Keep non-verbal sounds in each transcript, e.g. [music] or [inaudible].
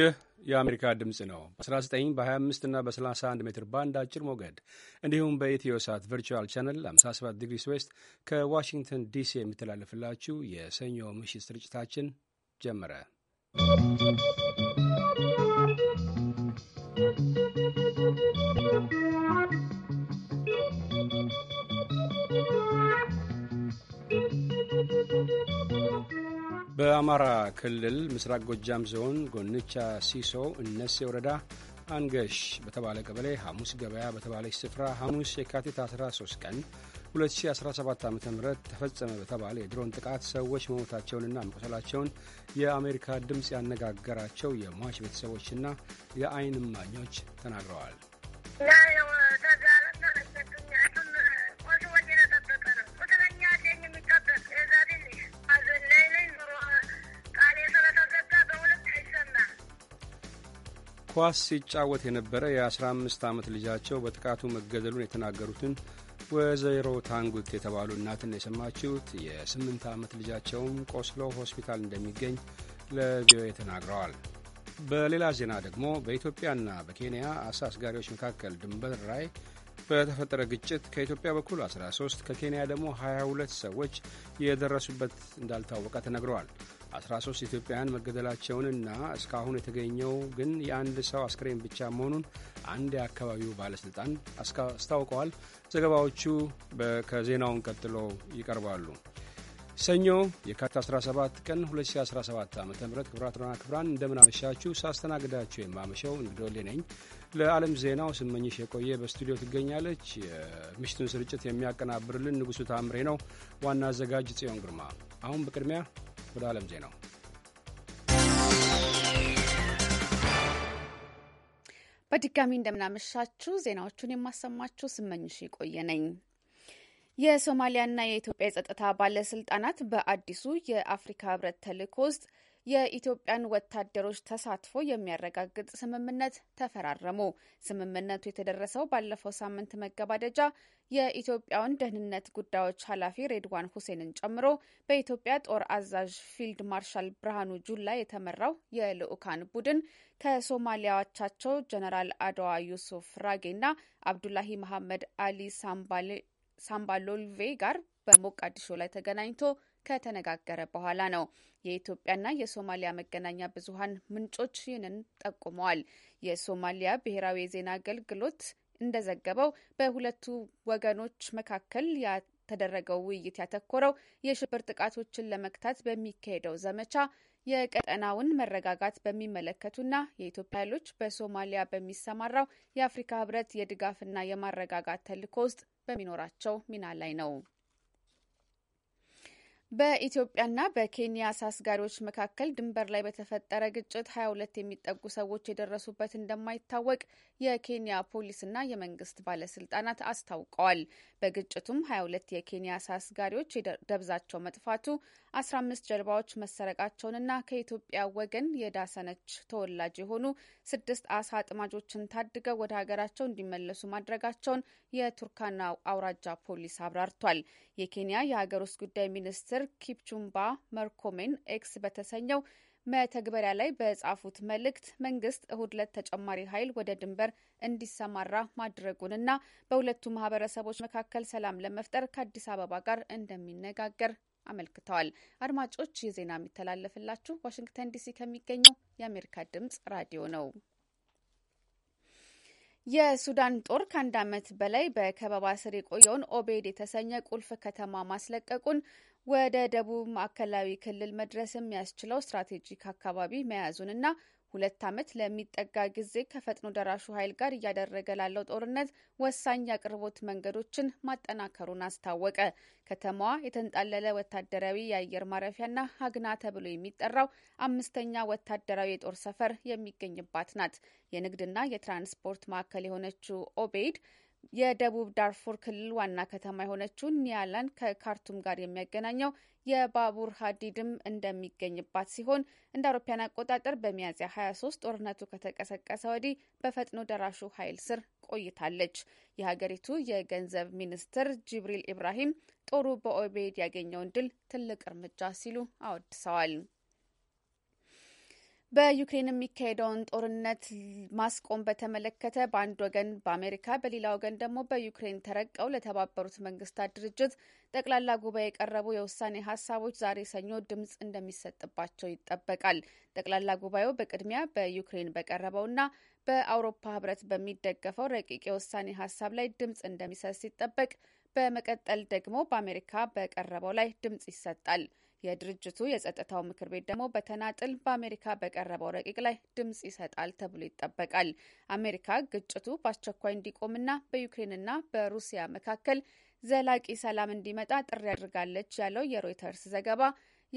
ይህ የአሜሪካ ድምፅ ነው። በ19 በ25 እና በ31 ሜትር ባንድ አጭር ሞገድ እንዲሁም በኢትዮ ሳት ቨርቹዋል ቻነል 57 ዲግሪስ ዌስት ከዋሽንግተን ዲሲ የሚተላለፍላችሁ የሰኞ ምሽት ስርጭታችን ጀመረ። በአማራ ክልል ምስራቅ ጎጃም ዞን ጎንቻ ሲሶ እነሴ ወረዳ አንገሽ በተባለ ቀበሌ ሐሙስ ገበያ በተባለች ስፍራ ሐሙስ የካቲት 13 ቀን 2017 ዓ ም ተፈጸመ በተባለ የድሮን ጥቃት ሰዎች መሞታቸውንና መቁሰላቸውን የአሜሪካ ድምፅ ያነጋገራቸው የሟች ቤተሰቦችና የአይን እማኞች ተናግረዋል። ኳስ ሲጫወት የነበረ የ15 ዓመት ልጃቸው በጥቃቱ መገደሉን የተናገሩትን ወይዘሮ ታንጉት የተባሉ እናትን የሰማችሁት። የስምንት ዓመት ልጃቸውም ቆስሎ ሆስፒታል እንደሚገኝ ለቪኦኤ ተናግረዋል። በሌላ ዜና ደግሞ በኢትዮጵያና በኬንያ አሳ አስጋሪዎች መካከል ድንበር ላይ በተፈጠረ ግጭት ከኢትዮጵያ በኩል 13 ከኬንያ ደግሞ 22 ሰዎች የደረሱበት እንዳልታወቀ ተነግረዋል። 13 ኢትዮጵያውያን መገደላቸውንና እስካሁን የተገኘው ግን የአንድ ሰው አስክሬን ብቻ መሆኑን አንድ የአካባቢው ባለሥልጣን አስታውቀዋል። ዘገባዎቹ ከዜናውን ቀጥሎ ይቀርባሉ። ሰኞ የካቲት 17 ቀን 2017 ዓ ም ክብራትና ክብራን እንደምናመሻችሁ። ሳስተናግዳችሁ የማመሸው እንግዶሌ ነኝ። ለዓለም ዜናው ስመኝሽ የቆየ በስቱዲዮ ትገኛለች። የምሽቱን ስርጭት የሚያቀናብርልን ንጉሡ ታምሬ ነው። ዋና አዘጋጅ ጽዮን ግርማ። አሁን በቅድሚያ ወደ ዓለም ዜናው በድጋሚ እንደምናመሻችሁ ዜናዎቹን የማሰማችሁ ስመኝሽ የቆየ ነኝ። የሶማሊያና የኢትዮጵያ የጸጥታ ባለስልጣናት በአዲሱ የአፍሪካ ህብረት ተልእኮ ውስጥ የኢትዮጵያን ወታደሮች ተሳትፎ የሚያረጋግጥ ስምምነት ተፈራረሙ። ስምምነቱ የተደረሰው ባለፈው ሳምንት መገባደጃ የኢትዮጵያውን ደህንነት ጉዳዮች ኃላፊ ሬድዋን ሁሴንን ጨምሮ በኢትዮጵያ ጦር አዛዥ ፊልድ ማርሻል ብርሃኑ ጁላ የተመራው የልዑካን ቡድን ከሶማሊያዎቻቸው ጀነራል አድዋ ዩሱፍ ራጌና አብዱላሂ መሐመድ አሊ ሳምባሎልቬ ጋር በሞቃዲሾ ላይ ተገናኝቶ ከተነጋገረ በኋላ ነው። የኢትዮጵያና የሶማሊያ መገናኛ ብዙሀን ምንጮች ይህንን ጠቁመዋል። የሶማሊያ ብሔራዊ የዜና አገልግሎት እንደዘገበው በሁለቱ ወገኖች መካከል ተደረገው ውይይት ያተኮረው የሽብር ጥቃቶችን ለመግታት በሚካሄደው ዘመቻ የቀጠናውን መረጋጋት በሚመለከቱና የኢትዮጵያ ኃይሎች በሶማሊያ በሚሰማራው የአፍሪካ ህብረት የድጋፍና የማረጋጋት ተልዕኮ ውስጥ በሚኖራቸው ሚና ላይ ነው። በኢትዮጵያና በኬንያ አሳስጋሪዎች መካከል ድንበር ላይ በተፈጠረ ግጭት 22 የሚጠጉ ሰዎች የደረሱበት እንደማይታወቅ የኬንያ ፖሊስና የመንግስት ባለስልጣናት አስታውቀዋል። በግጭቱም 22 የኬንያ አሳ አስጋሪዎች ደብዛቸው መጥፋቱ፣ 15 ጀልባዎች መሰረቃቸውንና ከኢትዮጵያ ወገን የዳሰነች ተወላጅ የሆኑ ስድስት አሳ አጥማጆችን ታድገው ወደ ሀገራቸው እንዲመለሱ ማድረጋቸውን የቱርካና አውራጃ ፖሊስ አብራርቷል። የኬንያ የሀገር ውስጥ ጉዳይ ሚኒስትር ኪፕቹምባ መርኮሜን ኤክስ በተሰኘው መተግበሪያ ላይ በጻፉት መልእክት መንግስት እሁድ ዕለት ተጨማሪ ኃይል ወደ ድንበር እንዲሰማራ ማድረጉንና በሁለቱ ማህበረሰቦች መካከል ሰላም ለመፍጠር ከአዲስ አበባ ጋር እንደሚነጋገር አመልክተዋል። አድማጮች ይህ ዜና የሚተላለፍላችሁ ዋሽንግተን ዲሲ ከሚገኘው የአሜሪካ ድምጽ ራዲዮ ነው። የሱዳን ጦር ከአንድ ዓመት በላይ በከበባ ስር የቆየውን ኦቤድ የተሰኘ ቁልፍ ከተማ ማስለቀቁን ወደ ደቡብ ማዕከላዊ ክልል መድረስ የሚያስችለው ስትራቴጂክ አካባቢ መያዙንና ሁለት ዓመት ለሚጠጋ ጊዜ ከፈጥኖ ደራሹ ኃይል ጋር እያደረገ ላለው ጦርነት ወሳኝ የአቅርቦት መንገዶችን ማጠናከሩን አስታወቀ። ከተማዋ የተንጣለለ ወታደራዊ የአየር ማረፊያና ሀግና ተብሎ የሚጠራው አምስተኛ ወታደራዊ የጦር ሰፈር የሚገኝባት ናት። የንግድና የትራንስፖርት ማዕከል የሆነችው ኦቤይድ የደቡብ ዳርፉር ክልል ዋና ከተማ የሆነችው ኒያላን ከካርቱም ጋር የሚያገናኘው የባቡር ሀዲድም እንደሚገኝባት ሲሆን እንደ አውሮፓውያን አቆጣጠር በሚያዝያ 23 ጦርነቱ ከተቀሰቀሰ ወዲህ በፈጥኖ ደራሹ ኃይል ስር ቆይታለች። የሀገሪቱ የገንዘብ ሚኒስትር ጅብሪል ኢብራሂም ጦሩ በኦቤድ ያገኘውን ድል ትልቅ እርምጃ ሲሉ አወድሰዋል። በዩክሬን የሚካሄደውን ጦርነት ማስቆም በተመለከተ በአንድ ወገን በአሜሪካ በሌላ ወገን ደግሞ በዩክሬን ተረቀው ለተባበሩት መንግስታት ድርጅት ጠቅላላ ጉባኤ የቀረቡ የውሳኔ ሀሳቦች ዛሬ ሰኞ ድምፅ እንደሚሰጥባቸው ይጠበቃል። ጠቅላላ ጉባኤው በቅድሚያ በዩክሬን በቀረበውና በአውሮፓ ህብረት በሚደገፈው ረቂቅ የውሳኔ ሀሳብ ላይ ድምፅ እንደሚሰጥ ሲጠበቅ፣ በመቀጠል ደግሞ በአሜሪካ በቀረበው ላይ ድምፅ ይሰጣል። የድርጅቱ የጸጥታው ምክር ቤት ደግሞ በተናጥል በአሜሪካ በቀረበው ረቂቅ ላይ ድምጽ ይሰጣል ተብሎ ይጠበቃል። አሜሪካ ግጭቱ በአስቸኳይ እንዲቆምና በዩክሬንና በሩሲያ መካከል ዘላቂ ሰላም እንዲመጣ ጥሪ አድርጋለች ያለው የሮይተርስ ዘገባ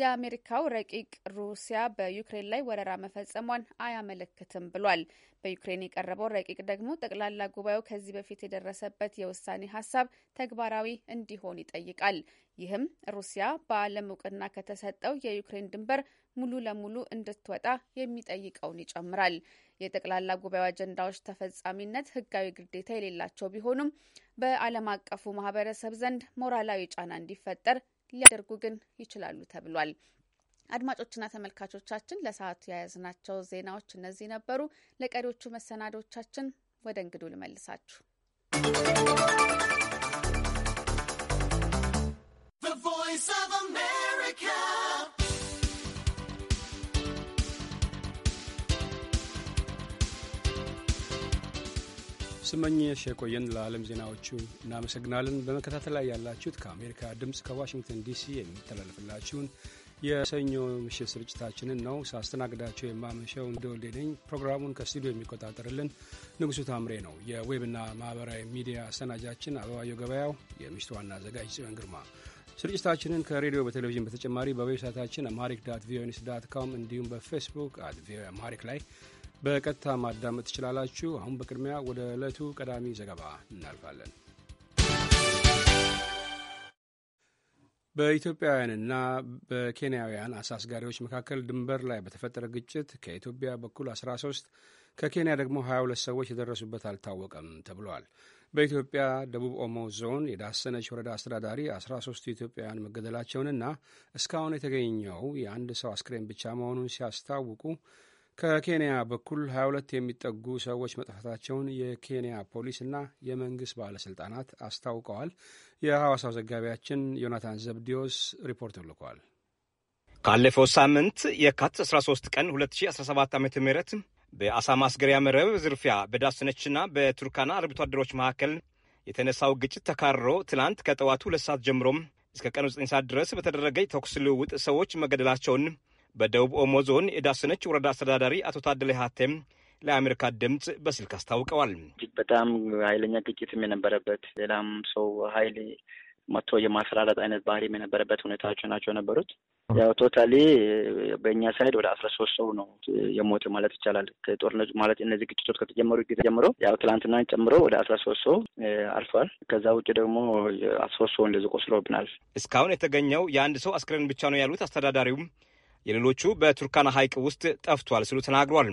የአሜሪካው ረቂቅ ሩሲያ በዩክሬን ላይ ወረራ መፈጸሟን አያመለክትም ብሏል። በዩክሬን የቀረበው ረቂቅ ደግሞ ጠቅላላ ጉባኤው ከዚህ በፊት የደረሰበት የውሳኔ ሀሳብ ተግባራዊ እንዲሆን ይጠይቃል። ይህም ሩሲያ በዓለም እውቅና ከተሰጠው የዩክሬን ድንበር ሙሉ ለሙሉ እንድትወጣ የሚጠይቀውን ይጨምራል። የጠቅላላ ጉባኤው አጀንዳዎች ተፈጻሚነት ሕጋዊ ግዴታ የሌላቸው ቢሆኑም በዓለም አቀፉ ማህበረሰብ ዘንድ ሞራላዊ ጫና እንዲፈጠር ሊያደርጉ ግን ይችላሉ ተብሏል። አድማጮችና ተመልካቾቻችን ለሰዓቱ የያዝናቸው ዜናዎች እነዚህ ነበሩ። ለቀሪዎቹ መሰናዶቻችን ወደ እንግዱ ልመልሳችሁ። ስመኝሽ የቆየን ለዓለም ዜናዎቹ እናመሰግናለን። በመከታተል ላይ ያላችሁት ከአሜሪካ ድምፅ ከዋሽንግተን ዲሲ የሚተላለፍላችሁን የሰኞ ምሽት ስርጭታችንን ነው። ሳስተናግዳቸው የማመሸው እንደወልዴ ነኝ። ፕሮግራሙን ከስቱዲዮ የሚቆጣጠርልን ንጉሱ ታምሬ ነው። የዌብና ማህበራዊ ሚዲያ አሰናጃችን አበባየው ገበያው፣ የምሽቱ ዋና አዘጋጅ ጽዮን ግርማ። ስርጭታችንን ከሬዲዮ በቴሌቪዥን በተጨማሪ በዌብሳይታችን አማሪክ ዳት ቪኦኤ ኒውስ ዳት ኮም እንዲሁም በፌስቡክ አት ቪኦኤ አማሪክ ላይ በቀጥታ ማዳመጥ ትችላላችሁ። አሁን በቅድሚያ ወደ ዕለቱ ቀዳሚ ዘገባ እናልፋለን። በኢትዮጵያውያንና በኬንያውያን አሳስጋሪዎች መካከል ድንበር ላይ በተፈጠረ ግጭት ከኢትዮጵያ በኩል 13 ከኬንያ ደግሞ 22 ሰዎች የደረሱበት አልታወቀም ተብሏል። በኢትዮጵያ ደቡብ ኦሞ ዞን የዳሰነች ወረዳ አስተዳዳሪ 13ቱ ኢትዮጵያውያን መገደላቸውንና እስካሁን የተገኘው የአንድ ሰው አስክሬን ብቻ መሆኑን ሲያስታውቁ ከኬንያ በኩል 22 የሚጠጉ ሰዎች መጥፋታቸውን የኬንያ ፖሊስና የመንግሥት ባለሥልጣናት አስታውቀዋል። የሐዋሳው ዘጋቢያችን ዮናታን ዘብዲዮስ ሪፖርት ልኳል። ካለፈው ሳምንት የካት 13 ቀን 2017 ዓ ም በአሳ ማስገሪያ መረብ ዝርፊያ በዳስነችና በቱርካና አርብቶ አደሮች መካከል የተነሳው ግጭት ተካርሮ ትላንት ከጠዋቱ ሁለት ሰዓት ጀምሮም እስከ ቀኑ 9 ሰዓት ድረስ በተደረገ የተኩስ ልውውጥ ሰዎች መገደላቸውን በደቡብ ኦሞ ዞን የዳሰነች ወረዳ አስተዳዳሪ አቶ ታደለ ሀቴም ለአሜሪካ ድምፅ በስልክ አስታውቀዋል። እጅግ በጣም ኃይለኛ ግጭትም የነበረበት ሌላም ሰው ኃይል መጥቶ የማስፈራራት አይነት ባህሪም የነበረበት ሁኔታዎች ናቸው የነበሩት። ያው ቶታሊ በእኛ ሳይድ ወደ አስራ ሶስት ሰው ነው የሞተ ማለት ይቻላል። ከጦርነቱ ማለት እነዚህ ግጭቶች ከተጀመሩ ጊዜ ጀምሮ ያው ትላንትና ጨምሮ ወደ አስራ ሶስት ሰው አልፏል። ከዛ ውጭ ደግሞ አስራ ሶስት ሰው እንደዚህ ቆስሎብናል። እስካሁን የተገኘው የአንድ ሰው አስክሬን ብቻ ነው ያሉት አስተዳዳሪውም የሌሎቹ በቱርካና ሐይቅ ውስጥ ጠፍቷል ሲሉ ተናግሯል።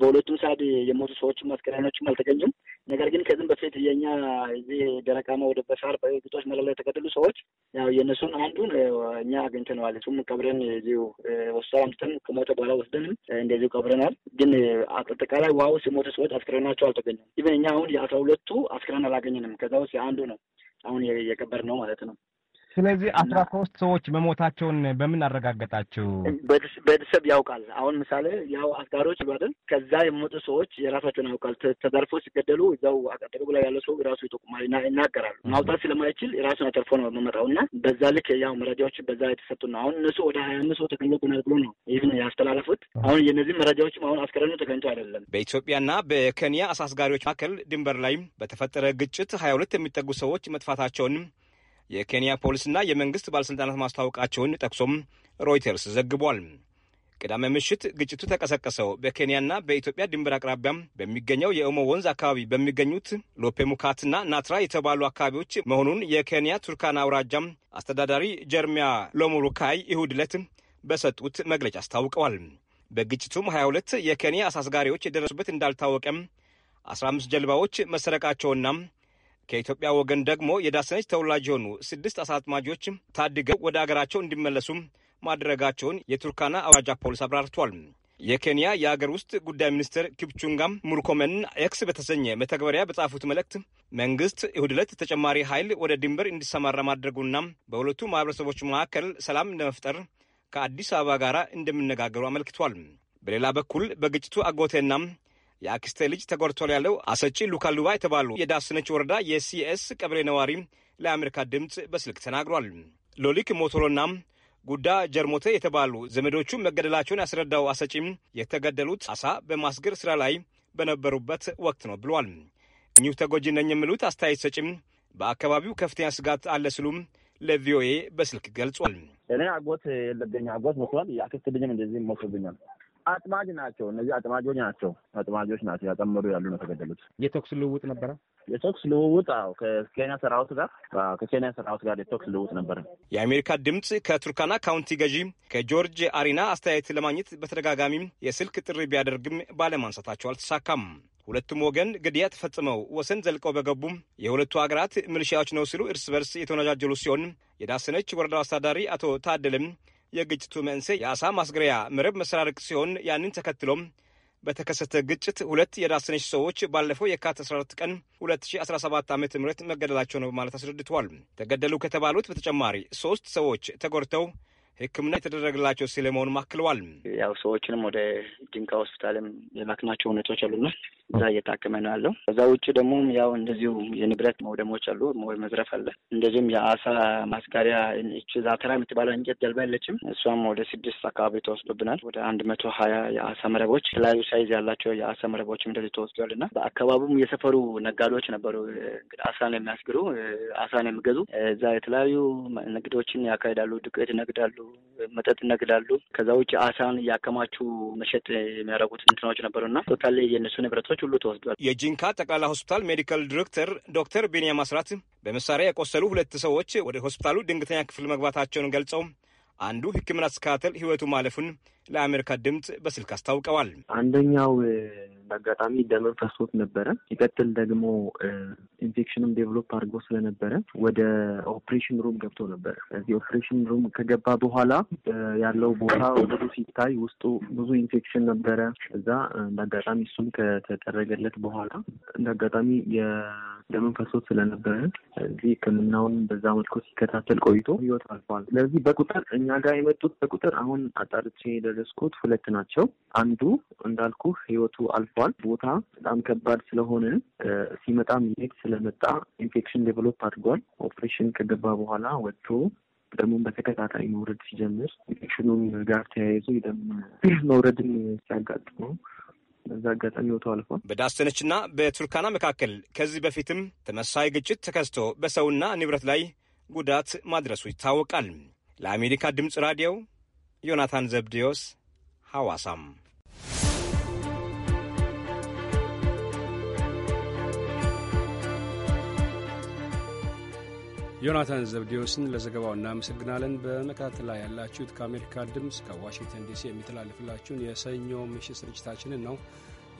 በሁለቱም ሰዓት የሞቱ ሰዎች አስከሬኖችም አልተገኙም። ነገር ግን ከዚህም በፊት የኛ እዚህ ደረቃማ ወደ በሳር በግጦሽ መለላ የተገደሉ ሰዎች ያው የእነሱን አንዱን እኛ አግኝተነዋል። እሱም ቀብረን እዚሁ ወሳር አምጥተን ከሞተ በኋላ ወስደንም እንደዚሁ ቀብረናል። ግን አጠቃላይ ዋው የሞቱ ሰዎች አስክሬናቸው አልተገኙም። ኢቨን እኛ አሁን የአስራ ሁለቱ አስክሬን አላገኘንም። ከዛ ውስጥ የአንዱ ነው አሁን የቀበር ነው ማለት ነው። ስለዚህ አስራ ሶስት ሰዎች መሞታቸውን በምን አረጋገጣችሁ? ቤተሰብ ያውቃል። አሁን ምሳሌ ያው አጋሮች ባደን ከዛ የሞጡ ሰዎች የራሳቸውን ያውቃል። ተዘርፎ ሲገደሉ እዛው አጠገቡ ላይ ያለ ሰው ራሱ ይጠቁማል፣ ይናገራሉ። ማውጣት ስለማይችል ራሱን አተርፎ ነው የምመጣው እና በዛ ልክ ያው መረጃዎች በዛ የተሰጡ ነው። አሁን እነሱ ወደ ሀያ አምስት ሰው ተገኝተናል ብሎ ነው ይህን ያስተላለፉት። አሁን የነዚህ መረጃዎችም አሁን አስከሬኑ ተገኝቶ አይደለም። በኢትዮጵያና በኬንያ አሳስጋሪዎች መካከል ድንበር ላይ በተፈጠረ ግጭት ሀያ ሁለት የሚጠጉ ሰዎች መጥፋታቸውን የኬንያ ፖሊስና የመንግስት ባለሥልጣናት ማስታወቃቸውን ጠቅሶም ሮይተርስ ዘግቧል። ቅዳሜ ምሽት ግጭቱ ተቀሰቀሰው በኬንያና በኢትዮጵያ ድንበር አቅራቢያ በሚገኘው የኦሞ ወንዝ አካባቢ በሚገኙት ሎፔሙካትና ናትራ የተባሉ አካባቢዎች መሆኑን የኬንያ ቱርካና አውራጃ አስተዳዳሪ ጀርሚያ ሎሙሩካይ ይሁድለት ዕለት በሰጡት መግለጫ አስታውቀዋል። በግጭቱም 22 የኬንያ አሳስጋሪዎች የደረሱበት እንዳልታወቀም 15 ጀልባዎች መሰረቃቸውና ከኢትዮጵያ ወገን ደግሞ የዳሰነች ተወላጅ የሆኑ ስድስት አሳ አጥማጆች ታድገው ወደ አገራቸው እንዲመለሱም ማድረጋቸውን የቱርካና አውራጃ ፖሊስ አብራርቷል። የኬንያ የአገር ውስጥ ጉዳይ ሚኒስትር ኪፕቹንጋም ሙርኮመን ኤክስ በተሰኘ መተግበሪያ በጻፉት መልእክት መንግስት እሁድ ዕለት ተጨማሪ ኃይል ወደ ድንበር እንዲሰማራ ማድረጉና በሁለቱ ማህበረሰቦች መካከል ሰላም ለመፍጠር ከአዲስ አበባ ጋር እንደሚነጋገሩ አመልክቷል። በሌላ በኩል በግጭቱ አጎቴና የአክስቴ ልጅ ተጎድቷል ያለው አሰጪ ሉካሉባ የተባሉ የዳስነች ወረዳ የሲኤስ ቀበሌ ነዋሪ ለአሜሪካ ድምፅ በስልክ ተናግሯል። ሎሊክ ሞቶሮና ጉዳ ጀርሞቴ የተባሉ ዘመዶቹ መገደላቸውን ያስረዳው አሰጪም የተገደሉት አሳ በማስገር ስራ ላይ በነበሩበት ወቅት ነው ብሏል። እኚሁ ተጎጂ ነኝ የሚሉት አስተያየት ሰጪም በአካባቢው ከፍተኛ ስጋት አለ ሲሉም ለቪኦኤ በስልክ ገልጿል። እኔ አጎት የለብኝ አጎት ሞቷል። የአክስት ልጅም እንደዚህ ሞቶብኛል። አጥማጅ ናቸው። እነዚህ አጥማጆች ናቸው። አጥማጆች ናቸው። ያጠመዱ ያሉ ነው ተገደሉት። የተኩስ ልውውጥ ነበረ። የተኩስ ልውውጥ አዎ፣ ከኬንያ ሰራዊት ጋር ከኬንያ ሰራዊት ጋር የተኩስ ልውውጥ ነበረ። የአሜሪካ ድምፅ ከቱርካና ካውንቲ ገዢ ከጆርጅ አሪና አስተያየት ለማግኘት በተደጋጋሚ የስልክ ጥሪ ቢያደርግም ባለማንሳታቸው አልተሳካም። ሁለቱም ወገን ግድያ ተፈጽመው ወሰን ዘልቀው በገቡም የሁለቱ ሀገራት ምልሻዎች ነው ሲሉ እርስ በርስ የተወነጃጀሉ ሲሆን የዳሰነች ወረዳ አስተዳዳሪ አቶ ታደልም የግጭቱ መንስኤ የአሳ ማስገሪያ መረብ መሰራረቅ ሲሆን ያንን ተከትሎም በተከሰተ ግጭት ሁለት የዳሰነች ሰዎች ባለፈው የካቲት 14 ቀን 2017 ዓ ም መገደላቸው ነው በማለት አስረድተዋል። ተገደሉ ከተባሉት በተጨማሪ ሶስት ሰዎች ተጎድተው ሕክምና የተደረገላቸው ስለመሆኑም አክለዋል። ያው ሰዎችንም ወደ ጂንካ ሆስፒታልም የላክናቸው ሁኔታዎች አሉና እዛ እየታከመ ነው ያለው። ከዛ ውጭ ደግሞ ያው እንደዚሁ የንብረት መውደሞች አሉ፣ መዝረፍ አለ። እንደዚሁም የአሳ ማስጋሪያ ች ዛተራ የምትባለው እንጨት ጀልባ ያለችም እሷም ወደ ስድስት አካባቢ ተወስዶብናል። ወደ አንድ መቶ ሀያ የአሳ መረቦች የተለያዩ ሳይዝ ያላቸው የአሳ መረቦችም እንደዚህ ተወስዷል እና በአካባቢውም የሰፈሩ ነጋዴዎች ነበሩ እንግዲህ ነው የሚያስግሩ አሳ ነው የሚገዙ እዛ የተለያዩ ንግዶችን ያካሄዳሉ። ዱቄት ይነግዳሉ። መጠጥ ይነግዳሉ። ከዛ ውጭ አሳን እያከማቹ መሸጥ የሚያደርጉት እንትናዎች ነበሩና ቶታል የእነሱ ንብረቶች ሁሉ ተወስዷል። የጂንካ ጠቅላላ ሆስፒታል ሜዲካል ዲሬክተር ዶክተር ቢንያም አስራት በመሳሪያ የቆሰሉ ሁለት ሰዎች ወደ ሆስፒታሉ ድንገተኛ ክፍል መግባታቸውን ገልጸው አንዱ ሕክምና ስካተል ህይወቱ ማለፉን ለአሜሪካ ድምፅ በስልክ አስታውቀዋል። አንደኛው በአጋጣሚ ደም ፈሶት ነበረ። ሲቀጥል ደግሞ ኢንፌክሽንም ዴቨሎፕ አድርጎ ስለነበረ ወደ ኦፕሬሽን ሩም ገብቶ ነበረ። እዚህ ኦፕሬሽን ሩም ከገባ በኋላ ያለው ቦታ ወደሩ ሲታይ ውስጡ ብዙ ኢንፌክሽን ነበረ። እዛ እንዳጋጣሚ አጋጣሚ እሱም ከተደረገለት በኋላ እንዳጋጣሚ አጋጣሚ ፈሶት ስለነበረ እዚህ ሕክምናውን በዛ መልኩ ሲከታተል ቆይቶ ህይወት አልፏል። ስለዚህ በቁጥር እኛ ጋር የመጡት በቁጥር አሁን አጣርቼ የደረስኩት ሁለት ናቸው። አንዱ እንዳልኩ ህይወቱ አልፎ ተከስቷል። ቦታ በጣም ከባድ ስለሆነ ሲመጣም ይሄድ ስለመጣ ኢንፌክሽን ዴቨሎፕ አድርጓል። ኦፕሬሽን ከገባ በኋላ ወጥቶ ደግሞ በተከታታይ መውረድ ሲጀምር ኢንፌክሽኑን ጋር ተያይዞ የደም [clears throat] መውረድን ሲያጋጥመው በዛ አጋጣሚ ወቶ አልፏል። በዳሰነችና በቱርካና መካከል ከዚህ በፊትም ተመሳሳይ ግጭት ተከስቶ በሰውና ንብረት ላይ ጉዳት ማድረሱ ይታወቃል። ለአሜሪካ ድምፅ ራዲዮ ዮናታን ዘብዴዎስ ሐዋሳም ዮናታን ዘብዴዎስን ለዘገባው እናመሰግናለን። በመካተል ላይ ያላችሁት ከአሜሪካ ድምፅ ከዋሽንግተን ዲሲ የሚተላለፍላችሁን የሰኞ ምሽት ስርጭታችንን ነው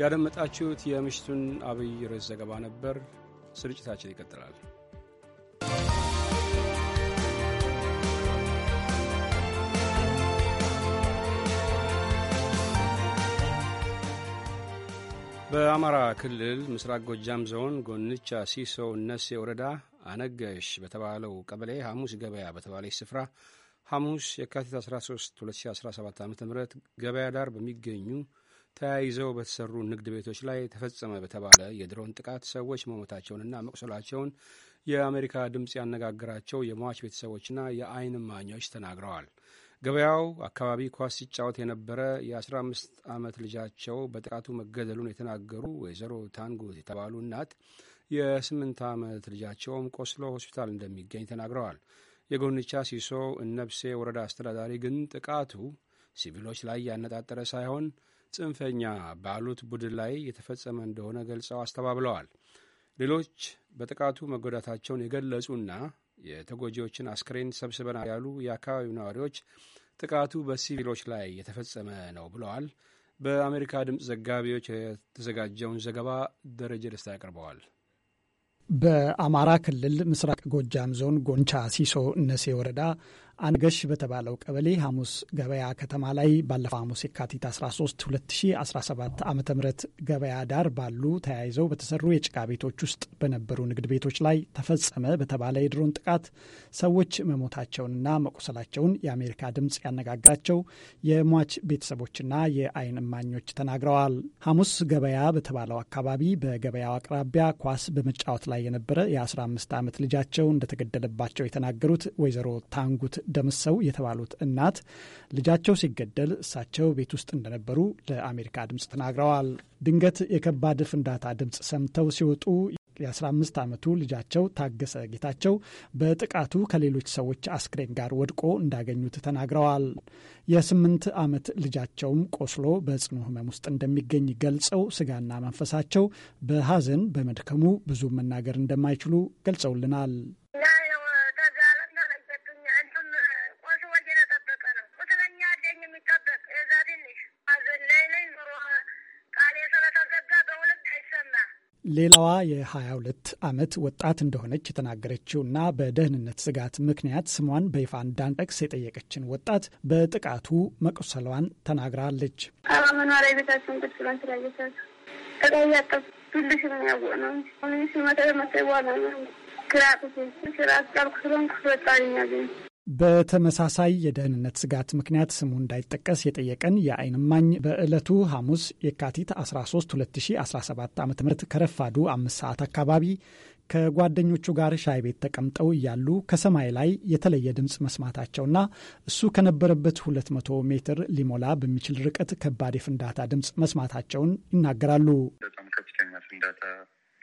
ያደመጣችሁት። የምሽቱን አብይ ርዕስ ዘገባ ነበር። ስርጭታችን ይቀጥላል። በአማራ ክልል ምስራቅ ጎጃም ዞን ጎንቻ ሲሶ እነሴ ወረዳ አነገሽ በተባለው ቀበሌ ሐሙስ ገበያ በተባለች ስፍራ ሐሙስ የካቲት 13 2017 ዓ ም ገበያ ዳር በሚገኙ ተያይዘው በተሰሩ ንግድ ቤቶች ላይ ተፈጸመ በተባለ የድሮን ጥቃት ሰዎች መሞታቸውንና መቁሰላቸውን የአሜሪካ ድምፅ ያነጋገራቸው የሟች ቤተሰቦችና የአይን ማኞች ተናግረዋል። ገበያው አካባቢ ኳስ ሲጫወት የነበረ የ15 ዓመት ልጃቸው በጥቃቱ መገደሉን የተናገሩ ወይዘሮ ታንጉት የተባሉ እናት የስምንት ዓመት ልጃቸውም ቆስሎ ሆስፒታል እንደሚገኝ ተናግረዋል። የጎንቻ ሲሶ እነብሴ ወረዳ አስተዳዳሪ ግን ጥቃቱ ሲቪሎች ላይ ያነጣጠረ ሳይሆን ጽንፈኛ ባሉት ቡድን ላይ የተፈጸመ እንደሆነ ገልጸው አስተባብለዋል። ሌሎች በጥቃቱ መጎዳታቸውን የገለጹና የተጎጂዎችን አስክሬን ሰብስበናል ያሉ የአካባቢው ነዋሪዎች ጥቃቱ በሲቪሎች ላይ የተፈጸመ ነው ብለዋል። በአሜሪካ ድምፅ ዘጋቢዎች የተዘጋጀውን ዘገባ ደረጀ ደስታ ያቀርበዋል። በአማራ ክልል ምስራቅ ጎጃም ዞን ጎንቻ ሲሶ እነሴ ወረዳ አንገሽ በተባለው ቀበሌ ሐሙስ ገበያ ከተማ ላይ ባለፈው ሐሙስ የካቲት 13 2017 ዓ ም ገበያ ዳር ባሉ ተያይዘው በተሰሩ የጭቃ ቤቶች ውስጥ በነበሩ ንግድ ቤቶች ላይ ተፈጸመ በተባለ የድሮን ጥቃት ሰዎች መሞታቸውንና መቆሰላቸውን የአሜሪካ ድምፅ ያነጋግራቸው የሟች ቤተሰቦችና የአይን እማኞች ተናግረዋል። ሐሙስ ገበያ በተባለው አካባቢ በገበያው አቅራቢያ ኳስ በመጫወት ላይ የነበረ የ15 ዓመት ልጃቸው እንደተገደለባቸው የተናገሩት ወይዘሮ ታንጉት ደምሰው የተባሉት እናት ልጃቸው ሲገደል እሳቸው ቤት ውስጥ እንደነበሩ ለአሜሪካ ድምፅ ተናግረዋል። ድንገት የከባድ ፍንዳታ ድምፅ ሰምተው ሲወጡ የ15 ዓመቱ ልጃቸው ታገሰ ጌታቸው በጥቃቱ ከሌሎች ሰዎች አስክሬን ጋር ወድቆ እንዳገኙት ተናግረዋል። የስምንት ዓመት ልጃቸውም ቆስሎ በጽኑ ሕመም ውስጥ እንደሚገኝ ገልጸው ስጋና መንፈሳቸው በሐዘን በመድከሙ ብዙ መናገር እንደማይችሉ ገልጸውልናል። ሌላዋ የ22 ዓመት ወጣት እንደሆነች የተናገረችውና በደህንነት ስጋት ምክንያት ስሟን በይፋ እንዳንጠቅስ የጠየቀችን ወጣት በጥቃቱ መቁሰሏን ተናግራለች። መኖሪያ ቤታችን ስራ በተመሳሳይ የደህንነት ስጋት ምክንያት ስሙ እንዳይጠቀስ የጠየቀን የአይንማኝ በዕለቱ ሐሙስ የካቲት 13 2017 ዓ ም ከረፋዱ አምስት ሰዓት አካባቢ ከጓደኞቹ ጋር ሻይ ቤት ተቀምጠው እያሉ ከሰማይ ላይ የተለየ ድምፅ መስማታቸውና እሱ ከነበረበት 200 ሜትር ሊሞላ በሚችል ርቀት ከባድ የፍንዳታ ድምፅ መስማታቸውን ይናገራሉ። በጣም ከፍተኛ ፍንዳታ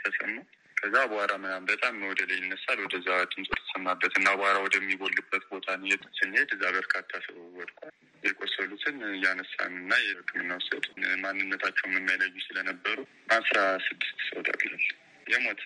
ተሰማ። ከዛ አቧራ ምናምን በጣም ወደ ላይ ይነሳል። ወደዛ ድምፅ ተሰማበት እና አቧራ ወደሚጎልበት ቦታ ሄድ ስንሄድ እዛ በርካታ ሰው ወድቋል። የቆሰሉትን እያነሳን እና የሕክምና ውሰድ ማንነታቸውን የማይለዩ ስለነበሩ አስራ ስድስት ሰው ጠቅላል የሞት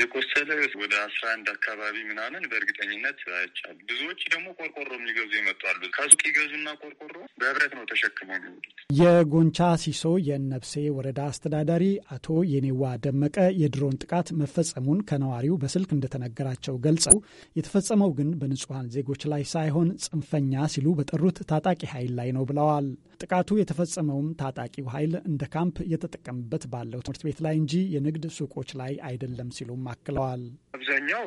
የቆሰለ ወደ አስራ አንድ አካባቢ ምናምን በእርግጠኝነት አይቻሉ። ብዙዎች ደግሞ ቆርቆሮ የሚገዙ ይመጣሉ። ከሱቅ ይገዙና ቆርቆሮ በህብረት ነው ተሸክመው የሚሄዱት። የጎንቻ ሲሶ የነብሴ ወረዳ አስተዳዳሪ አቶ የኔዋ ደመቀ የድሮን ጥቃት መፈጸሙን ከነዋሪው በስልክ እንደተነገራቸው ገልጸው የተፈጸመው ግን በንጹሐን ዜጎች ላይ ሳይሆን ጽንፈኛ ሲሉ በጠሩት ታጣቂ ኃይል ላይ ነው ብለዋል። ጥቃቱ የተፈጸመውም ታጣቂው ኃይል እንደ ካምፕ እየተጠቀምበት ባለው ትምህርት ቤት ላይ እንጂ የንግድ ሱቆች ላይ አይደለም ሲሉም አክለዋል። አብዛኛው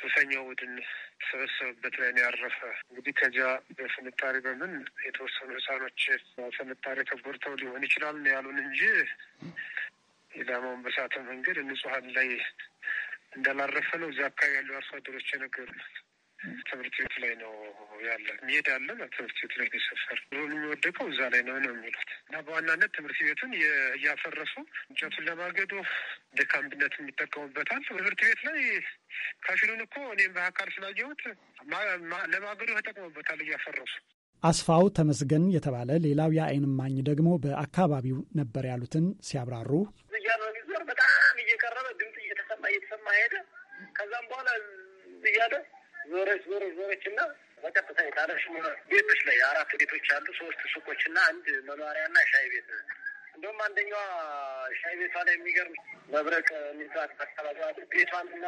ሶስተኛው ቡድን ተሰበሰበበት ላይ ነው ያረፈ። እንግዲህ ከዚያ በፍንጣሪ በምን የተወሰኑ ህጻኖች ፍንጣሪ ተጎድተው ሊሆን ይችላል ያሉን እንጂ ኢላማውን በሳተ መንገድ ንጹሀን ላይ እንዳላረፈ ነው እዚያ አካባቢ ያሉ አርሶ አደሮች የነገሩት። ትምህርት ቤት ላይ ነው ያለ ሜዳ አለን። ትምህርት ቤት ላይ ሰፈር ሆኑ የሚወደቀው እዛ ላይ ነው ነው የሚሉት እና በዋናነት ትምህርት ቤቱን እያፈረሱ እንጨቱን ለማገዶ ደካምድነት የሚጠቀሙበታል። ትምህርት ቤት ላይ ካፊሉን እኮ እኔም በአካል ስላየሁት ለማገዶ ተጠቅመበታል እያፈረሱ። አስፋው ተመስገን የተባለ ሌላው የአይን እማኝ ደግሞ በአካባቢው ነበር ያሉትን ሲያብራሩ በጣም እየቀረበ ድምፅ እየተሰማ እየተሰማ ሄደ። ከዛም በኋላ እያለ ዞረች ዞረች ዞረች እና በቀጥታ የታለሽ ቤቶች ላይ አራት ቤቶች አሉ፣ ሶስት ሱቆች እና አንድ መኗሪያ መኖሪያና ሻይ ቤት እንደውም አንደኛዋ ሻይ ቤቷ ላይ የሚገርም መብረቅ ሚዛት አካባቢ ቤቷን እና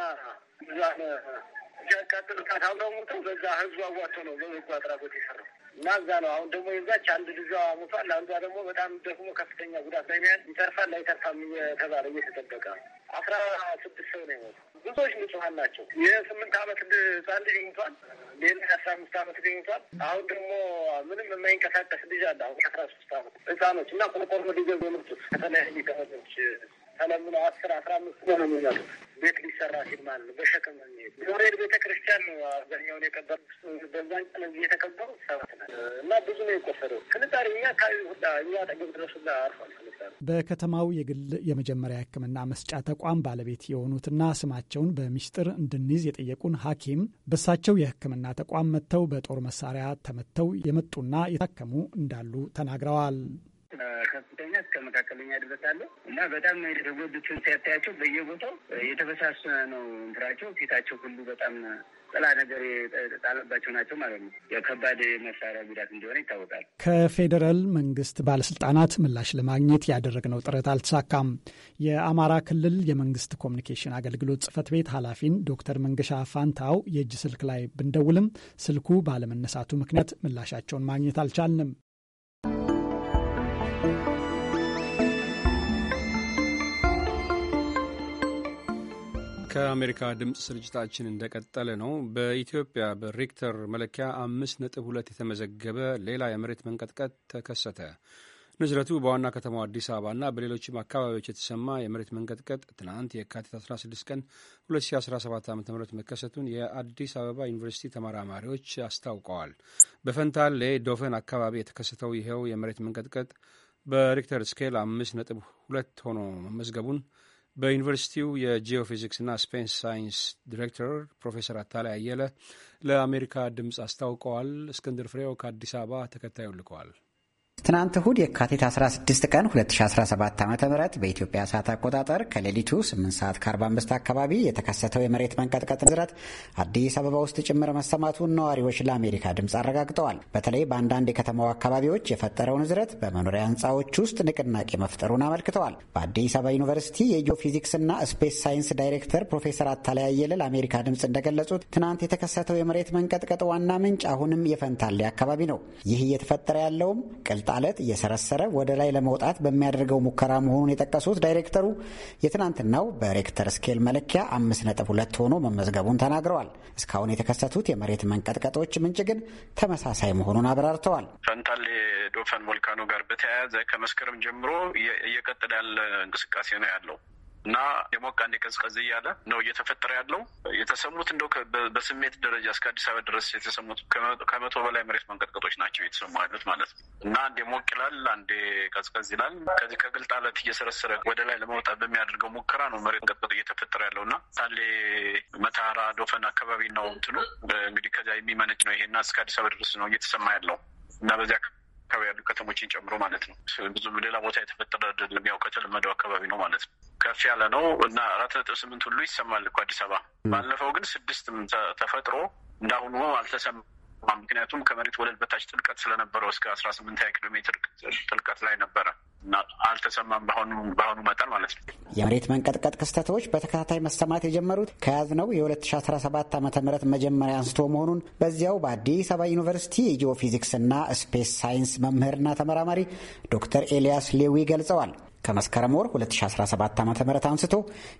ብዛን ሲያቃጥሉታት አብረው ሞተው በዛ ህዝቡ አዋቶ ነው በበጎ አድራጎት የሰራው እና እዛ ነው። አሁን ደግሞ የዛች አንድ ልጇ ሞቷል። አንዷ ደግሞ በጣም ደግሞ ከፍተኛ ጉዳት ላይ ያል ይተርፋል ላይተርፋም እየተባለ እየተጠበቀ ነው። አስራ ስድስት ሰው ነው የሞቱ። ብዙዎች ንጹሀን ናቸው። የስምንት አመት ህጻን ልጅ ሞቷል። ሌላ የአስራ አምስት አመት ልጅ ሞቷል። አሁን ደግሞ ምንም የማይንቀሳቀስ ልጅ አለ። አሁን የአስራ ሶስት አመት ህጻኖች እና ቆርቆሮ ልጅ የመጡት ከተለያዩ ከተሞች ተለምኖ አስር አስራ አምስት ነው የሚመጡት። ቤት ሊሰራ ሲል ማለት ነው። በሸክም ነው የሚሄዱ። ገብርኤል ቤተ ክርስቲያን ነው አብዛኛውን የቀበሩ። በዛን ቀን እየተቀበሩ ሰባት ናል እና ብዙ ነው የቆሰደው። ክንጣሪ እኛ አካባቢ ሁላ እኛ አጠገብ ድረስ ሁላ አርፏል። በከተማው የግል የመጀመሪያ ሕክምና መስጫ ተቋም ባለቤት የሆኑትና ስማቸውን በሚስጥር እንድንይዝ የጠየቁን ሐኪም በሳቸው የሕክምና ተቋም መጥተው በጦር መሳሪያ ተመተው የመጡና የታከሙ እንዳሉ ተናግረዋል። ከፍተኛ እስከ መካከለኛ ድረስ አለ እና በጣም የተጎዱትን ሲያታያቸው በየቦታው የተበሳሰነ ነው እንትራቸው ፊታቸው ሁሉ በጣም ጥላ ነገር የጣለባቸው ናቸው ማለት ነው። ከባድ መሳሪያ ጉዳት እንደሆነ ይታወቃል። ከፌዴራል መንግስት ባለስልጣናት ምላሽ ለማግኘት ያደረግነው ጥረት አልተሳካም። የአማራ ክልል የመንግስት ኮሚኒኬሽን አገልግሎት ጽህፈት ቤት ኃላፊን ዶክተር መንገሻ ፋንታው የእጅ ስልክ ላይ ብንደውልም ስልኩ ባለመነሳቱ ምክንያት ምላሻቸውን ማግኘት አልቻልንም። ከአሜሪካ ድምፅ ስርጭታችን እንደቀጠለ ነው። በኢትዮጵያ በሪክተር መለኪያ አምስት ነጥብ ሁለት የተመዘገበ ሌላ የመሬት መንቀጥቀጥ ተከሰተ። ንዝረቱ በዋና ከተማው አዲስ አበባና በሌሎችም አካባቢዎች የተሰማ የመሬት መንቀጥቀጥ ትናንት የካቲት 16 ቀን 2017 ዓ ም መከሰቱን የአዲስ አበባ ዩኒቨርሲቲ ተመራማሪዎች አስታውቀዋል። በፈንታሌ ዶፈን አካባቢ የተከሰተው ይኸው የመሬት መንቀጥቀጥ በሪክተር ስኬል አምስት ነጥብ ሁለት ሆኖ መመዝገቡን በዩኒቨርሲቲው የጂኦፊዚክስና ስፔስ ሳይንስ ዲሬክተር ፕሮፌሰር አታላይ አየለ ለአሜሪካ ድምፅ አስታውቀዋል። እስክንድር ፍሬው ከአዲስ አበባ ተከታዩ ልከዋል። ትናንት እሁድ የካቲት 16 ቀን 2017 ዓ ም በኢትዮጵያ ሰዓት አቆጣጠር ከሌሊቱ 8 ሰዓት ከ45 አካባቢ የተከሰተው የመሬት መንቀጥቀጥ ንዝረት አዲስ አበባ ውስጥ ጭምር መሰማቱን ነዋሪዎች ለአሜሪካ ድምፅ አረጋግጠዋል። በተለይ በአንዳንድ የከተማው አካባቢዎች የፈጠረው ንዝረት በመኖሪያ ህንፃዎች ውስጥ ንቅናቄ መፍጠሩን አመልክተዋል። በአዲስ አበባ ዩኒቨርሲቲ የጂኦ ፊዚክስና ስፔስ ሳይንስ ዳይሬክተር ፕሮፌሰር አታላይ አየለ ለአሜሪካ ድምፅ እንደገለጹት ትናንት የተከሰተው የመሬት መንቀጥቀጥ ዋና ምንጭ አሁንም የፈንታሌ አካባቢ ነው። ይህ እየተፈጠረ ያለውም ቅልጣ አለት እየሰረሰረ ወደ ላይ ለመውጣት በሚያደርገው ሙከራ መሆኑን የጠቀሱት ዳይሬክተሩ የትናንትናው በሬክተር ስኬል መለኪያ አምስት ነጥብ ሁለት ሆኖ መመዝገቡን ተናግረዋል። እስካሁን የተከሰቱት የመሬት መንቀጥቀጦች ምንጭ ግን ተመሳሳይ መሆኑን አብራርተዋል። ፈንታሌ ዶፈን ቮልካኖ ጋር በተያያዘ ከመስከረም ጀምሮ እየቀጠለ ያለ እንቅስቃሴ ነው ያለው እና የሞቃ አንዴ ቀዝቀዝ እያለ ነው እየተፈጠረ ያለው። የተሰሙት እንደው በስሜት ደረጃ እስከ አዲስ አበባ ድረስ የተሰሙት ከመቶ በላይ መሬት መንቀጥቀጦች ናቸው የተሰሙ አይነት ማለት ነው። እና አንዴ ሞቅ ይላል፣ አንዴ ቀዝቀዝ ይላል። ከዚህ ከግልጥ አለት እየሰረሰረ ወደ ላይ ለመውጣት በሚያደርገው ሙከራ ነው መሬት መንቀጥቀጥ እየተፈጠረ ያለው እና ሳሌ መተሃራ ዶፈን አካባቢ ነው እንትኑ እንግዲህ ከዚያ የሚመነጭ ነው ይሄና እስከ አዲስ አበባ ድረስ ነው እየተሰማ ያለው እና በዚያ አካባቢ ያሉ ከተሞችን ጨምሮ ማለት ነው። ብዙ ሌላ ቦታ የተፈጠረ አይደለም። ያው ከተለመደው አካባቢ ነው ማለት ነው። ከፍ ያለ ነው እና አራት ነጥብ ስምንት ሁሉ ይሰማል እኮ አዲስ አበባ። ባለፈው ግን ስድስት ተፈጥሮ እንዳሁኑ አልተሰማ። ምክንያቱም ከመሬት ወለል በታች ጥልቀት ስለነበረው እስከ አስራ ስምንት ሀያ ኪሎ ሜትር ጥልቀት ላይ ነበረ። አልተሰማም። በአሁኑ በአሁኑ መጠን ማለት ነው። የመሬት መንቀጥቀጥ ክስተቶች በተከታታይ መሰማት የጀመሩት ከያዝነው የ2017 ዓ ም መጀመሪያ አንስቶ መሆኑን በዚያው በአዲስ አበባ ዩኒቨርሲቲ የጂኦ ፊዚክስና ስፔስ ሳይንስ መምህርና ተመራማሪ ዶክተር ኤልያስ ሌዊ ገልጸዋል። ከመስከረም ወር 2017 ዓ ም አንስቶ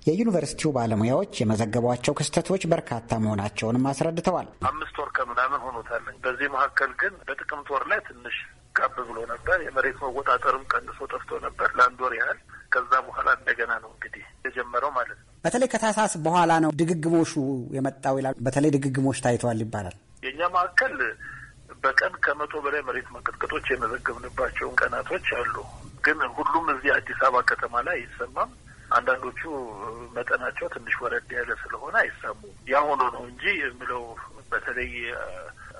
የዩኒቨርሲቲው ባለሙያዎች የመዘገቧቸው ክስተቶች በርካታ መሆናቸውንም አስረድተዋል። አምስት ወር ከምናምን ሆኖታል። በዚህ መካከል ግን በጥቅምት ወር ላይ ትንሽ ቀብ ብሎ ነበር። የመሬት መወጣጠርም ቀንሶ ጠፍቶ ነበር ለአንድ ወር ያህል። ከዛ በኋላ እንደገና ነው እንግዲህ የጀመረው ማለት ነው። በተለይ ከታህሳስ በኋላ ነው ድግግሞሹ የመጣው ይላል። በተለይ ድግግሞሽ ታይተዋል ይባላል። የእኛ ማዕከል በቀን ከመቶ በላይ መሬት መንቀጥቀጦች የመዘገብንባቸውን ቀናቶች አሉ። ግን ሁሉም እዚህ አዲስ አበባ ከተማ ላይ አይሰማም። አንዳንዶቹ መጠናቸው ትንሽ ወረድ ያለ ስለሆነ አይሰሙም። ያ ሆኖ ነው እንጂ የምለው በተለይ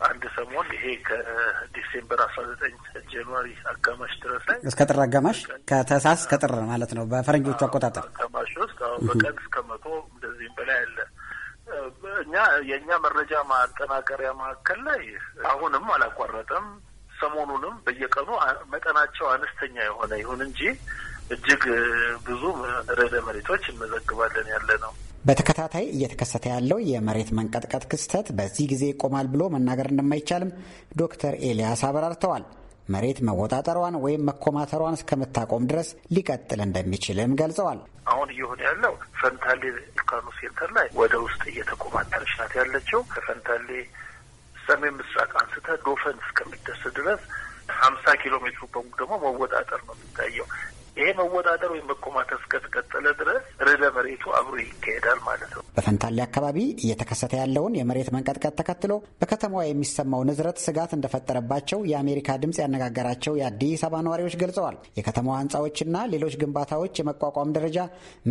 አንድ ሰሞን ይሄ ከዲሴምበር አስራ ዘጠኝ ጃንዋሪ አጋማሽ ድረስ ላይ እስከ ጥር አጋማሽ ከታህሳስ እስከ ጥር ማለት ነው በፈረንጆቹ አቆጣጠር አጋማሽ ውስጥ አሁን በቀን እስከ መቶ እንደዚህም በላይ አለ። እኛ የእኛ መረጃ ማጠናቀሪያ ማዕከል ላይ አሁንም አላቋረጠም። ሰሞኑንም በየቀኑ መጠናቸው አነስተኛ የሆነ ይሁን እንጂ እጅግ ብዙ ርዕደ መሬቶች እንመዘግባለን ያለ ነው። በተከታታይ እየተከሰተ ያለው የመሬት መንቀጥቀጥ ክስተት በዚህ ጊዜ ይቆማል ብሎ መናገር እንደማይቻልም ዶክተር ኤልያስ አብራርተዋል። መሬት መወጣጠሯን ወይም መኮማተሯን እስከምታቆም ድረስ ሊቀጥል እንደሚችልም ገልጸዋል። አሁን እየሆነ ያለው ፈንታሌ ልካኑ ሴንተር ላይ ወደ ውስጥ እየተኮማተረች ናት ያለችው። ከፈንታሌ ሰሜን ምስራቅ አንስተ ዶፈን እስከሚደስ ድረስ ሀምሳ ኪሎ ሜትሩ በሙሉ ደግሞ መወጣጠር ነው የሚታየው። ይሄ መወጣጠር ወይም መኮማተር እስከተቀጠለ ድረስ ርዕደ መሬቱ አብሮ ይካሄዳል ማለት ነው። በፈንታሌ አካባቢ እየተከሰተ ያለውን የመሬት መንቀጥቀጥ ተከትሎ በከተማዋ የሚሰማው ንዝረት ስጋት እንደፈጠረባቸው የአሜሪካ ድምፅ ያነጋገራቸው የአዲስ አበባ ነዋሪዎች ገልጸዋል። የከተማዋ ህንፃዎችና ሌሎች ግንባታዎች የመቋቋም ደረጃ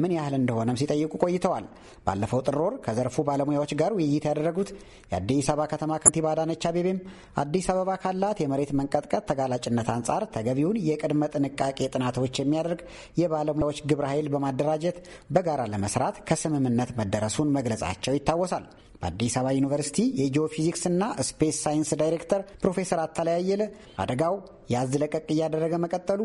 ምን ያህል እንደሆነም ሲጠይቁ ቆይተዋል። ባለፈው ጥር ወር ከዘርፉ ባለሙያዎች ጋር ውይይት ያደረጉት የአዲስ አበባ ከተማ ከንቲባ አዳነች አቤቤም አዲስ አበባ ካላት የመሬት መንቀጥቀጥ ተጋላጭነት አንጻር ተገቢውን የቅድመ ጥንቃቄ ጥናቶች የሚ የሚያደርግ የባለሙያዎች ግብረ ኃይል በማደራጀት በጋራ ለመስራት ከስምምነት መደረሱን መግለጻቸው ይታወሳል። በአዲስ አበባ ዩኒቨርሲቲ የጂኦ ፊዚክስና ስፔስ ሳይንስ ዳይሬክተር ፕሮፌሰር አታላይ አየለ አደጋው ያዝ ለቀቅ እያደረገ መቀጠሉ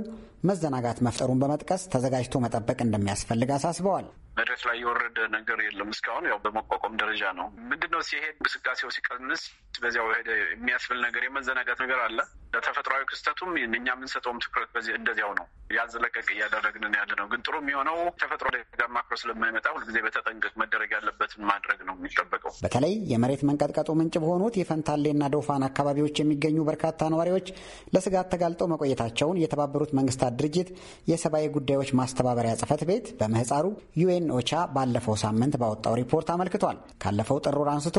መዘናጋት መፍጠሩን በመጥቀስ ተዘጋጅቶ መጠበቅ እንደሚያስፈልግ አሳስበዋል። መሬት ላይ የወረደ ነገር የለም። እስካሁን ያው በመቋቋም ደረጃ ነው። ምንድነው ሲሄድ እንቅስቃሴው ሲቀንስ በዚያው ሄደ የሚያስብል ነገር የመዘናጋት ነገር አለ። ለተፈጥሯዊ ክስተቱም እኛ የምንሰጠውም ትኩረት በዚህ እንደዚያው ነው። ያዝ ለቀቅ እያደረግን ያለ ነው። ግን ጥሩ የሚሆነው ተፈጥሮ አደጋ ማክሮ ስለማይመጣ ሁልጊዜ በተጠንቀቅ መደረግ ያለበትን ማድረግ ነው የሚጠበቀው። በተለይ የመሬት መንቀጥቀጡ ምንጭ በሆኑት የፈንታሌና ዶፋን አካባቢዎች የሚገኙ በርካታ ነዋሪዎች ለስጋት ተጋልጠው መቆየታቸውን የተባበሩት መንግስታት ድርጅት የሰብአዊ ጉዳዮች ማስተባበሪያ ጽህፈት ቤት በምህፃሩ ዩኤን ኦቻ ባለፈው ሳምንት ባወጣው ሪፖርት አመልክቷል። ካለፈው ጥር ወር አንስቶ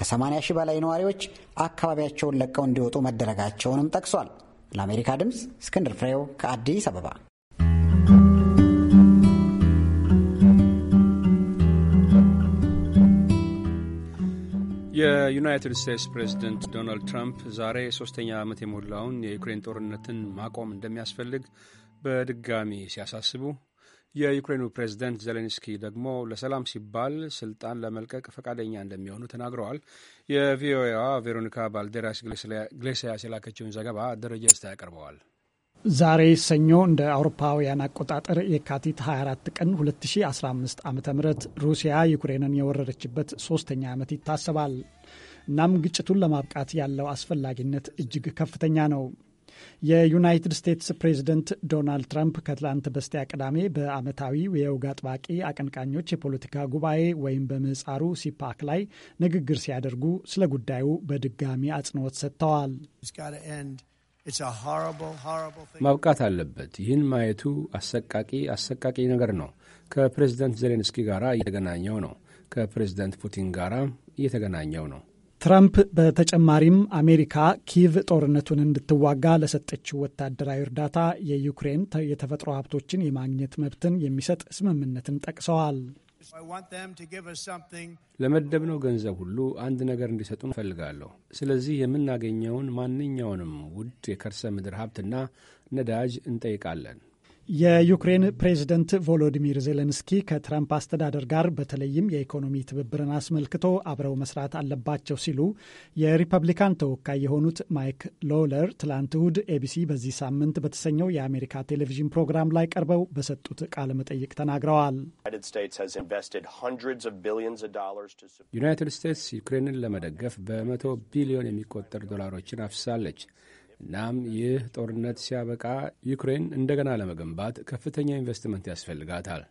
ከ80 ሺህ በላይ ነዋሪዎች አካባቢያቸውን ለቀው እንዲወጡ መደረጋቸውንም ጠቅሷል። ለአሜሪካ ድምፅ እስክንድር ፍሬው ከአዲስ አበባ የዩናይትድ ስቴትስ ፕሬዝደንት ዶናልድ ትራምፕ ዛሬ ሶስተኛ ዓመት የሞላውን የዩክሬን ጦርነትን ማቆም እንደሚያስፈልግ በድጋሚ ሲያሳስቡ የዩክሬኑ ፕሬዝደንት ዜሌንስኪ ደግሞ ለሰላም ሲባል ስልጣን ለመልቀቅ ፈቃደኛ እንደሚሆኑ ተናግረዋል። የቪኦኤዋ ቬሮኒካ ባልዴራስ ግሌሲያስ የላከችውን ዘገባ ደረጀ ደስታ ያቀርበዋል። ዛሬ ሰኞ እንደ አውሮፓውያን አቆጣጠር የካቲት 24 ቀን 2015 ዓ ም ሩሲያ ዩክሬንን የወረረችበት ሶስተኛ ዓመት ይታሰባል። እናም ግጭቱን ለማብቃት ያለው አስፈላጊነት እጅግ ከፍተኛ ነው። የዩናይትድ ስቴትስ ፕሬዝደንት ዶናልድ ትራምፕ ከትላንት በስቲያ ቅዳሜ በዓመታዊ የወግ አጥባቂ አቀንቃኞች የፖለቲካ ጉባኤ ወይም በምህጻሩ ሲፓክ ላይ ንግግር ሲያደርጉ ስለ ጉዳዩ በድጋሚ አጽንኦት ሰጥተዋል። ማብቃት አለበት። ይህን ማየቱ አሰቃቂ አሰቃቂ ነገር ነው። ከፕሬዝደንት ዜሌንስኪ ጋር እየተገናኘው ነው። ከፕሬዝደንት ፑቲን ጋር እየተገናኘው ነው። ትራምፕ በተጨማሪም አሜሪካ ኪቭ ጦርነቱን እንድትዋጋ ለሰጠችው ወታደራዊ እርዳታ የዩክሬን የተፈጥሮ ሀብቶችን የማግኘት መብትን የሚሰጥ ስምምነትን ጠቅሰዋል። ለመደብነው ገንዘብ ሁሉ አንድ ነገር እንዲሰጡን እፈልጋለሁ። ስለዚህ የምናገኘውን ማንኛውንም ውድ የከርሰ ምድር ሀብትና ነዳጅ እንጠይቃለን። የዩክሬን ፕሬዝደንት ቮሎዲሚር ዜሌንስኪ ከትራምፕ አስተዳደር ጋር በተለይም የኢኮኖሚ ትብብርን አስመልክቶ አብረው መስራት አለባቸው ሲሉ የሪፐብሊካን ተወካይ የሆኑት ማይክ ሎለር ትላንት እሁድ ኤቢሲ በዚህ ሳምንት በተሰኘው የአሜሪካ ቴሌቪዥን ፕሮግራም ላይ ቀርበው በሰጡት ቃለ መጠይቅ ተናግረዋል። ዩናይትድ ስቴትስ ዩክሬንን ለመደገፍ በመቶ ቢሊዮን የሚቆጠር ዶላሮችን አፍሳለች። እናም ይህ ጦርነት ሲያበቃ ዩክሬን እንደገና ለመገንባት ከፍተኛ ኢንቨስትመንት ያስፈልጋታል።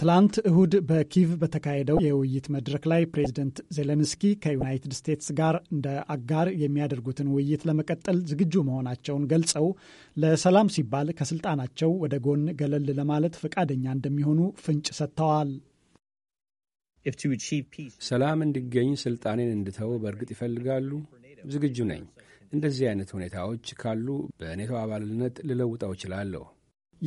ትላንት እሁድ በኪቭ በተካሄደው የውይይት መድረክ ላይ ፕሬዚደንት ዜሌንስኪ ከዩናይትድ ስቴትስ ጋር እንደ አጋር የሚያደርጉትን ውይይት ለመቀጠል ዝግጁ መሆናቸውን ገልጸው ለሰላም ሲባል ከስልጣናቸው ወደ ጎን ገለል ለማለት ፈቃደኛ እንደሚሆኑ ፍንጭ ሰጥተዋል። ሰላም እንዲገኝ ስልጣኔን እንድተው በእርግጥ ይፈልጋሉ። ዝግጁ ነኝ። እንደዚህ አይነት ሁኔታዎች ካሉ በኔቶ አባልነት ልለውጠው እችላለሁ።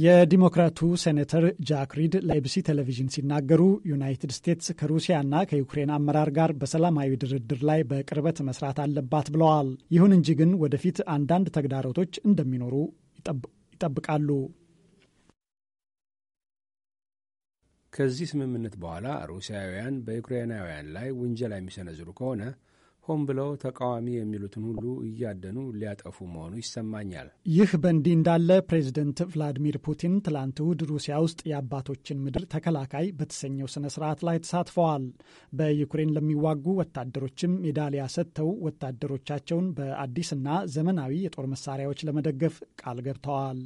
የዲሞክራቱ ሴኔተር ጃክ ሪድ ለኤቢሲ ቴሌቪዥን ሲናገሩ ዩናይትድ ስቴትስ ከሩሲያና ከዩክሬን አመራር ጋር በሰላማዊ ድርድር ላይ በቅርበት መስራት አለባት ብለዋል። ይሁን እንጂ ግን ወደፊት አንዳንድ ተግዳሮቶች እንደሚኖሩ ይጠብቃሉ። ከዚህ ስምምነት በኋላ ሩሲያውያን በዩክሬናውያን ላይ ውንጀላ የሚሰነዝሩ ከሆነ ሆን ብለው ተቃዋሚ የሚሉትን ሁሉ እያደኑ ሊያጠፉ መሆኑ ይሰማኛል። ይህ በእንዲህ እንዳለ ፕሬዝደንት ቭላዲሚር ፑቲን ትላንት እሁድ ሩሲያ ውስጥ የአባቶችን ምድር ተከላካይ በተሰኘው ስነ ስርዓት ላይ ተሳትፈዋል። በዩክሬን ለሚዋጉ ወታደሮችም ሜዳሊያ ሰጥተው ወታደሮቻቸውን በአዲስና ዘመናዊ የጦር መሳሪያዎች ለመደገፍ ቃል ገብተዋል።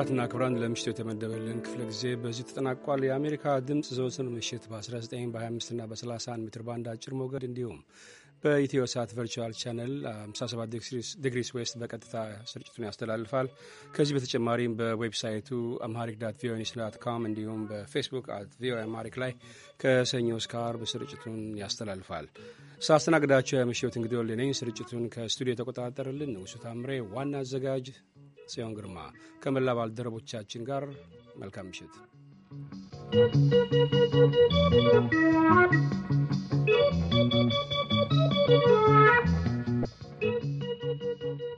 ክቡራትና ክብራን ለምሽቱ የተመደበልን ክፍለ ጊዜ በዚህ ተጠናቋል። የአሜሪካ ድምፅ ዘወትር ምሽት በ19 በ25ና በ31 ሜትር ባንድ አጭር ሞገድ እንዲሁም በኢትዮ ሳት ቨርቹዋል ቻነል 57 ዲግሪስ ዌስት በቀጥታ ስርጭቱን ያስተላልፋል። ከዚህ በተጨማሪም በዌብሳይቱ አምሃሪክ ዳት ቪኦኤ ኒውስ ዳት ካም እንዲሁም በፌስቡክ አት ቪኦኤ አምሃሪክ ላይ ከሰኞ እስከ አርብ ስርጭቱን ያስተላልፋል። ሳስተናግዳቸው የምሽት እንግዲህ ወልኔ ስርጭቱን ከስቱዲዮ የተቆጣጠረልን ንጉሱ ታምሬ፣ ዋና አዘጋጅ ጽዮን ግርማ ከመላ ባልደረቦቻችን ጋር መልካም ምሽት።